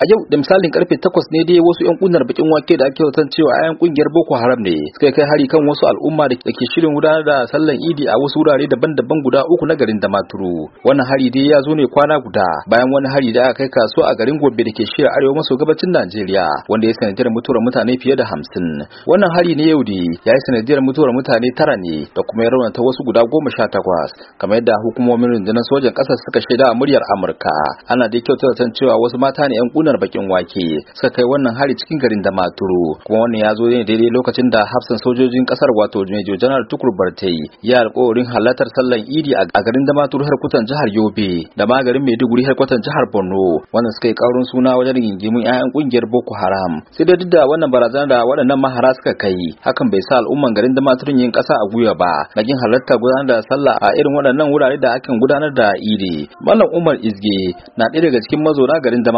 a yau da misalin karfe 8 ne dai wasu yan kunnar bakin wake da ake watan cewa ayan kungiyar Boko Haram ne suka kai hari kan wasu al'umma da ke shirin gudanar da sallan Idi a wasu wurare daban-daban guda uku na garin Damaturu wannan hari dai ya zo ne kwana guda bayan wani hari da aka kai kasuwa a garin gobe da ke shirin arewa maso gabacin Najeriya wanda ya sanadiyar mutuwar mutane fiye da 50 wannan hari ne yau da ya yi sanadiyar mutuwar mutane tara ne da kuma ya raunata wasu guda goma sha takwas kamar yadda hukumomin rundunar sojan ƙasar suka shaida a muryar Amurka ana da kyautar cewa wasu mata ne 'yan kunar bakin wake suka kai wannan hari cikin garin da maturu kuma wannan ya zo ne daidai lokacin da hafsan sojojin kasar wato major general tukur bartai ya alƙawarin halartar sallan idi a garin da maturu har kutan jihar yobe da ma garin maiduguri har kutan jihar borno wannan suka yi ƙaurin suna wajen gingimin 'ya'yan kungiyar boko haram sai da duk da wannan barazana da waɗannan mahara suka kai hakan bai sa al'umman garin da maturin yin ƙasa a guya ba bakin halarta gudanar da sallah a irin waɗannan wurare da akan gudanar da Idi. malam umar izge na ɗaya daga cikin mazauna garin da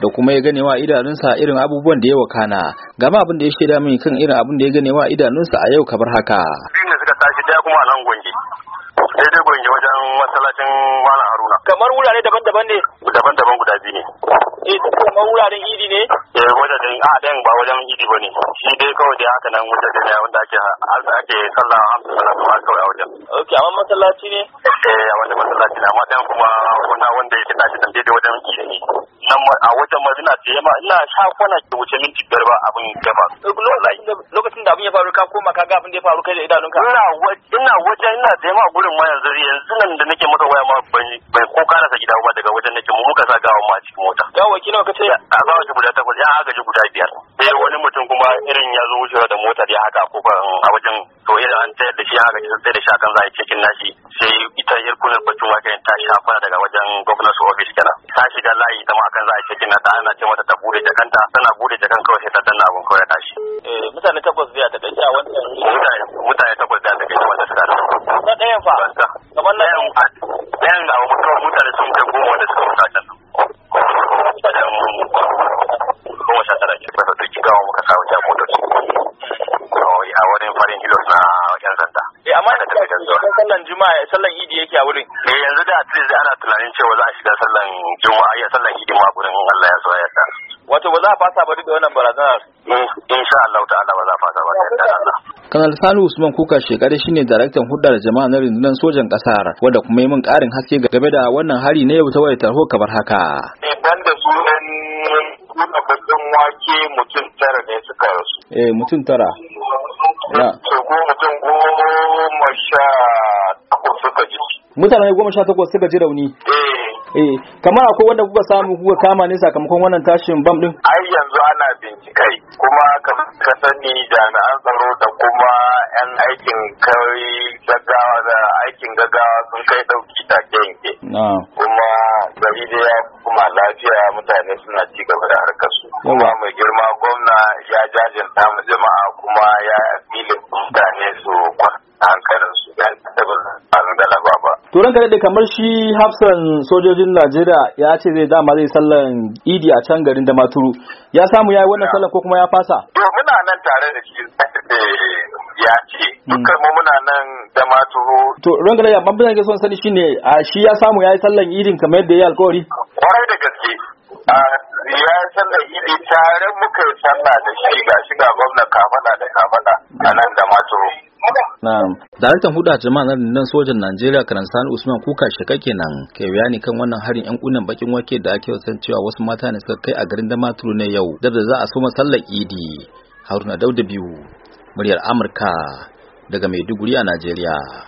da kuma ya gane wa idanunsa irin abubuwan da ya wakana gama abin da ya shaida min kan irin abin da ya gane wa idanunsa a yau kamar haka ne suka tashi daya kuma a nan gwangi daidai gwangi wajen masallacin malam haruna kamar wurare daban-daban ne daban-daban guda biyu ne eh kuma wuraren idi ne eh wajen a ɗayan ba wajen idi bane shi dai kawai dai haka nan wajen ne wanda ake ake sallah Amsa salatu ma kawai a wajen okay amma masallaci ne eh a wanda masallaci ne amma ɗayan kuma wanda yake tashi dan daidai wajen idi ne a wajen mazina ta yamma ina sha kwana da wuce minti biyar ba abin gaba. lokacin da abin ya faru ka koma ka ga abin da ya faru kai da idanunka ina ina wajen ina da yamma gurin ma yanzu yanzu nan da nake masa waya ma bai ko sa gida ba daga wajen nake mu muka sa gawa ma cikin mota gawa kina ka ce a gawa ta guda takwas ya haka ji guda biyar sai wani mutum kuma irin ya zo wucewa da motar ya haka ko ba a wajen to irin an tayar da shi haka sai da shi akan za a yi cikin nashi sai yar kunar wake ta shafa fara daga wajen gwamnati ofis kenan ta shiga layi ta ma kan za a ce na ta ana ce mata ta bude kanta tana bude kan kawai sai ta danna abun kawai ta tashi eh mutane takwas zai ta kaita wannan mutane mutane takwas zai ta kaita wannan suka na ɗayan fa kamar na ɗayan ɗayan da mutuwa mutane sun kai goma wanda suka mutu a can goma sha tara ce ba ta tuki gawa muka sa wajen motoci a wani farin hilo amma da kai kan sallan juma'a sallan idi yake a wurin eh yanzu da at least ana tunanin cewa za a shiga sallan juma'a ya sallan idi ma gurin Allah ya so ya yarda wato ba za a fasa ba duk da wannan barazanar insha Allah ta'ala ba za a fasa ba da yarda Allah Kanal Salu Usman Kuka shi ne daraktan hudar jama'a na rundunar sojan kasar wanda kuma yi min ƙarin haske game da wannan hari na yau ta wayar tarho kamar haka. Idan eh, da su ɗan kuna bakin wake mutum tara ne suka rasu. Eh mutum tara. goma sha Mutane goma sha takwas suka ji rauni. Eh. eh, kamar akwai wanda kuka samu kuka kama ne sakamakon wannan tashin bam din? Ai yanzu ana bincikai kuma ka sani jami'an tsaro da kuma 'yan aikin kai gaggawa da aikin gaggawa sun kai dauki take yanke. Kuma gari da ya kuma lafiya mutane suna ci gaba da harkar su. Kuma mai girma gwamna ya jajanta mu jama'a kuma ya turan kaɗai kamar shi hafsan sojojin najeriya ya ce zai dama zai sallan idi a can garin da maturu ya samu ya yi wannan sallan ko kuma ya fasa to muna nan tare da shi eh, ya ce hmm. dukkan mu muna nan da maturu to ran gada ban bin ga son sani shine a shi ya samu ya yi sallan idin kamar yadda ya alkawari kwarai da gaske ya sallan idi tare muka yi sallah da shi ga shi ga gwamna kafada da kafada a nan da maturu Na'am. Daraktan huda jama'a na rundunar sojan Najeriya Karan Sani Usman Kuka Sheka kenan ke bayani kan wannan harin yan kunnen bakin wake da ake san cewa wasu mata ne suka kai a garin Damaturu ne yau. da za a so ma sallar Idi. Haruna Dauda biyu. Muryar Amurka daga Maiduguri a Najeriya.